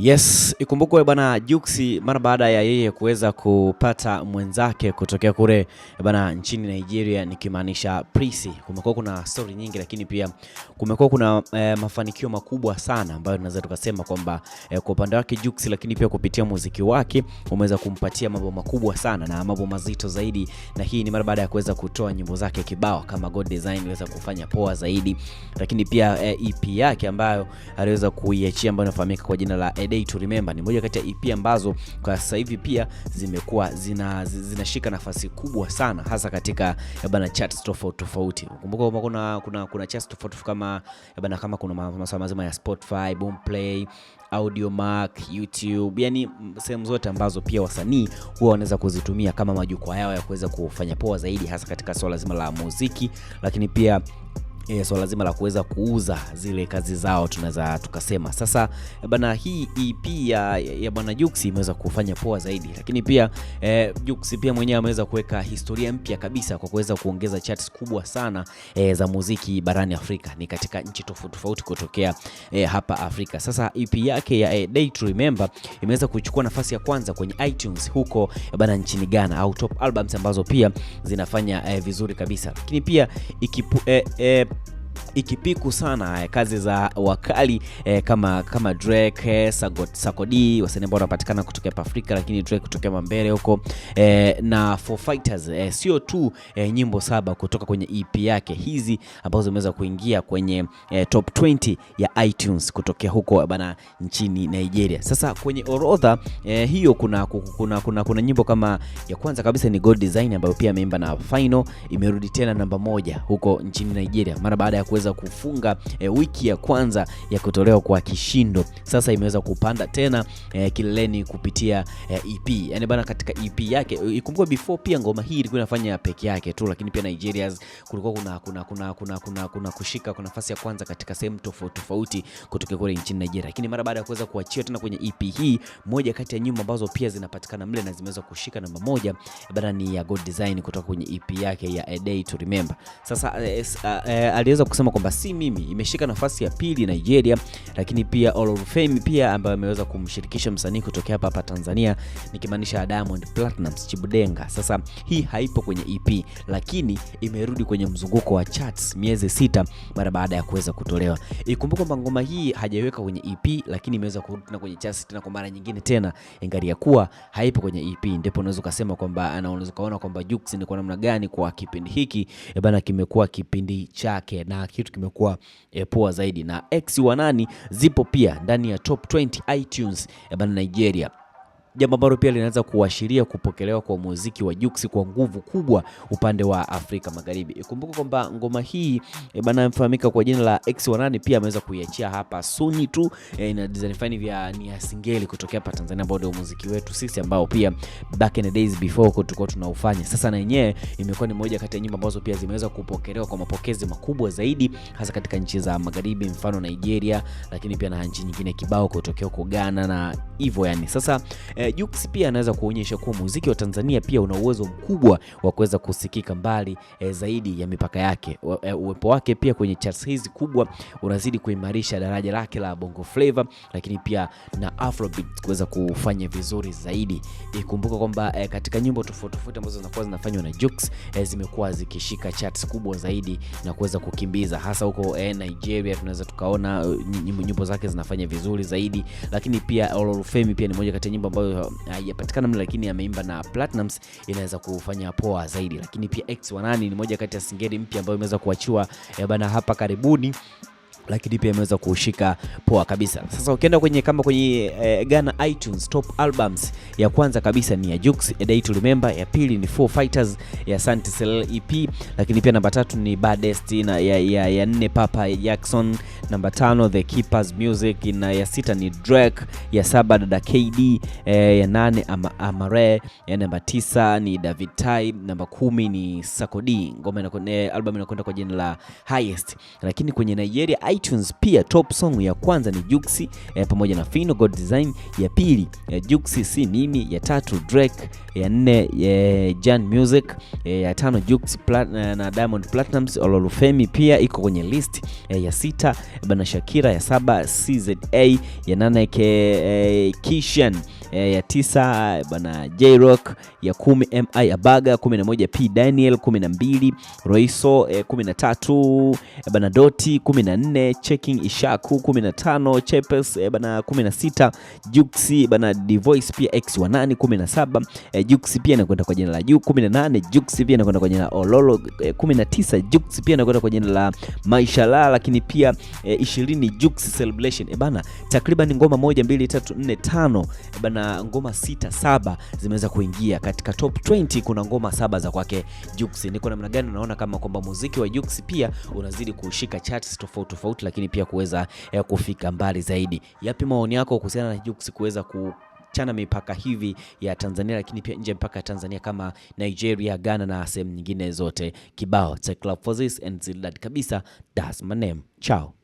Yes, ikumbukwe bwana Juksi, mara baada ya yeye kuweza kupata mwenzake kutokea kule bwana nchini Nigeria, nikimaanisha Prisi, kumekuwa kuna story nyingi, lakini pia kumekuwa kuna e, mafanikio makubwa sana ambayo tunaweza tukasema kwamba e, kwa upande wake Juksi, lakini pia kupitia muziki wake umeweza kumpatia mambo makubwa sana na mambo mazito zaidi, na hii ni mara baada ya kuweza kutoa nyimbo zake kibao kama God Design iliweza kufanya poa zaidi, lakini pia eh, e, EP yake ambayo aliweza kuiachia ambayo inafahamika kwa jina la Day to Remember ni moja kati ya EP ambazo kwa sasa hivi pia zimekuwa zina, zinashika nafasi kubwa sana hasa katika bana charts tofauti tofauti. Kumbuka kuna, kuna, kuna charts tofauti kama bana kama kuna masuala mazima ya Spotify, Boomplay, Audiomack, YouTube, yani mm, sehemu zote ambazo pia wasanii huwa wanaweza kuzitumia kama majukwaa yao ya kuweza kufanya poa zaidi hasa katika swala zima la muziki, lakini pia e, swala so lazima la kuweza kuuza zile kazi zao tunaweza tukasema. Sasa eh, bana, hii EP ya, ya bwana Jux imeweza kufanya poa zaidi, lakini pia eh, Jux pia mwenyewe ameweza kuweka historia mpya kabisa kwa kuweza kuongeza charts kubwa sana eh, za muziki barani Afrika, ni katika nchi tofauti tofauti kutokea eh, hapa Afrika. Sasa EP yake ya eh, Day to Remember imeweza kuchukua nafasi ya kwanza kwenye iTunes huko eh, bana nchini Ghana, au top albums ambazo pia zinafanya eh, vizuri kabisa, lakini pia ikipu, eh, eh, ikipiku sana eh, kazi za wakali eh, kama kama Drake, eh, Sakodi, wasanii ambao wanapatikana kutoka hapa Afrika, lakini Drake kutoka Mambere huko eh, na for fighters eh, sio tu eh, nyimbo saba kutoka kwenye EP yake hizi ambazo zimeweza kuingia kwenye eh, top 20 ya iTunes kutokea huko bana nchini Nigeria. Sasa kwenye orodha eh, hiyo kuna, kuna, kuna, kuna nyimbo kama ya kwanza kabisa ni God Design ambayo pia ameimba na Final, imerudi tena namba moja huko nchini Nigeria mara baada ya ku kuweza kufunga e, wiki ya kwanza ya kutolewa kwa kishindo. Sasa imeweza kupanda tena e, kileleni kupitia e, EP. Yani bana, katika EP yake e, ikumbuka, before pia ngoma hii ilikuwa inafanya peke yake tu, lakini pia Nigerians kulikuwa kuna, kuna, kuna, kuna, kuna, kuna kushika kwa nafasi ya kwanza katika sehemu tofauti tofauti kutoka kule nchini Nigeria, lakini mara baada ya kuweza kuachiwa tena kwenye EP hii, moja kati ya nyimbo ambazo pia zinapatikana mle na zimeweza kushika namba moja e, bana ni ya God Design kutoka kwenye EP yake ya A Day to Remember. Sasa eh, eh, aliweza kusema kusema kwamba si mimi imeshika nafasi ya pili Nigeria, lakini pia All of Fame pia ambayo ameweza kumshirikisha msanii kutokea hapa hapa Tanzania nikimaanisha Diamond Platnumz Chibudenga. Sasa hii haipo kwenye EP lakini imerudi kwenye mzunguko wa charts miezi sita mara baada ya kuweza kutolewa. Ikumbuke kwamba ngoma hii hajaiweka kwenye EP lakini imeweza kurudi tena kwenye charts tena kwa mara nyingine tena, ingalia kuwa haipo kwenye EP. Ndipo unaweza kusema kwamba ana unaweza kuona kwamba Jux ni kwa namna gani kwa kipindi hiki eh, bana, kimekuwa kipindi chake na kitu kimekuwa e, poa zaidi. Na X Wanani zipo pia ndani ya top 20 iTunes e, bana Nigeria jambo ambalo pia linaweza kuashiria kupokelewa kwa muziki wa Jux kwa nguvu kubwa upande wa Afrika Magharibi. Ikumbuka kwamba ngoma hii e, bana inafahamika kwa jina la X1 pia ameweza kuiachia hapa suni tu e, ina design fani vya Nia Singeli kutokea hapa Tanzania, ambao ndio muziki wetu sisi ambao pia back in the days before tulikuwa tunaufanya. Sasa na yenyewe imekuwa ni moja kati ya nyimbo ambazo pia zimeweza kupokelewa kwa mapokezi makubwa zaidi hasa katika nchi za magharibi, mfano Nigeria, lakini pia na nchi nyingine kibao kutokea huko Ghana na hivyo yani. Sasa e, Jux pia anaweza kuonyesha kuwa muziki wa Tanzania pia una uwezo mkubwa wa kuweza kusikika mbali e, zaidi ya mipaka yake. E, uwepo wake pia kwenye charts hizi kubwa unazidi kuimarisha daraja lake la Bongo Flava, lakini pia na Afrobeat kuweza kufanya vizuri zaidi. Ikumbuka kwamba e, katika nyimbo tofauti tofauti ambazo zinakuwa zinafanywa na Jux e, zimekuwa zikishika charts kubwa zaidi na kuweza kukimbiza hasa huko e, Nigeria tunaweza tukaona e, nyimbo zake zinafanya vizuri zaidi, lakini pia Ololufemi pia ni moja kati ya nyimbo ambazo ambayo haijapatikana mle, lakini ameimba na Platinums inaweza kufanya poa zaidi. Lakini pia X Wanani ni moja kati ya singeli mpya ambayo imeweza kuachiwa eh, bana hapa karibuni lakini pia imeweza kushika poa kabisa. Sasa ukienda kwenye kama kwenye eh, Ghana iTunes top albums ya kwanza kabisa ni ya Jux, A Day to Remember, ya pili ni Four Fighters ya Santi Sel EP, lakini pia namba tatu ni Baddest na ya, ya, ya nne Papa Jackson, namba tano The Keepers Music na ya sita ni Drake, ya saba Dada KD, eh, ya nane ama, Amare, ya namba tisa ni David Tai, namba kumi ni Sakodi. Ngoma inakwenda eh, album inakwenda kwa jina la Highest, lakini kwenye Nigeria iTunes. Pia top song ya kwanza ni Juksi eh, pamoja na Fino God Design, ya pili eh, Juksi si mimi, ya tatu Drake, ya nne eh, Jan Music, eh, ya tano Juksi eh, na Diamond Platnumz. Ololufemi pia iko kwenye list, eh, ya sita bana Shakira, ya saba CZA, ya nane ke, eh, Kishan eh, ya tisa bana J-Rock, ya kumi MI Abaga, moja P Daniel, mbili Roiso, eh, na tatu eh, bana Doti, nne Checking Ishaku, tano Chepes, e, eh, bana 16 Juxi bana Divoice pia X wanani saba eh, juksi pia inakwenda kwa jina la Ju nane juksi pia inakwenda kwa jina la Ololo eh, na tisa juksi pia inakwenda kwa jina la Maisha La, lakini pia e, 20 juksi Celebration eh, bana takriban ngoma moja mbili tatu nne tano bana, ngoma sita saba zimeweza kuingia katika top 20. Kuna ngoma saba za kwake Jux. Ni kwa namna gani unaona kama kwamba muziki wa Jux pia unazidi kushika charts tofauti tofauti, lakini pia kuweza eh, kufika mbali zaidi? Yapi maoni yako kuhusiana na Jux kuweza ku chana mipaka hivi ya Tanzania lakini pia nje mpaka ya Tanzania kama Nigeria, Ghana na sehemu nyingine zote. Kibao cha Club for this and Zildad kabisa, that's my name. Ciao.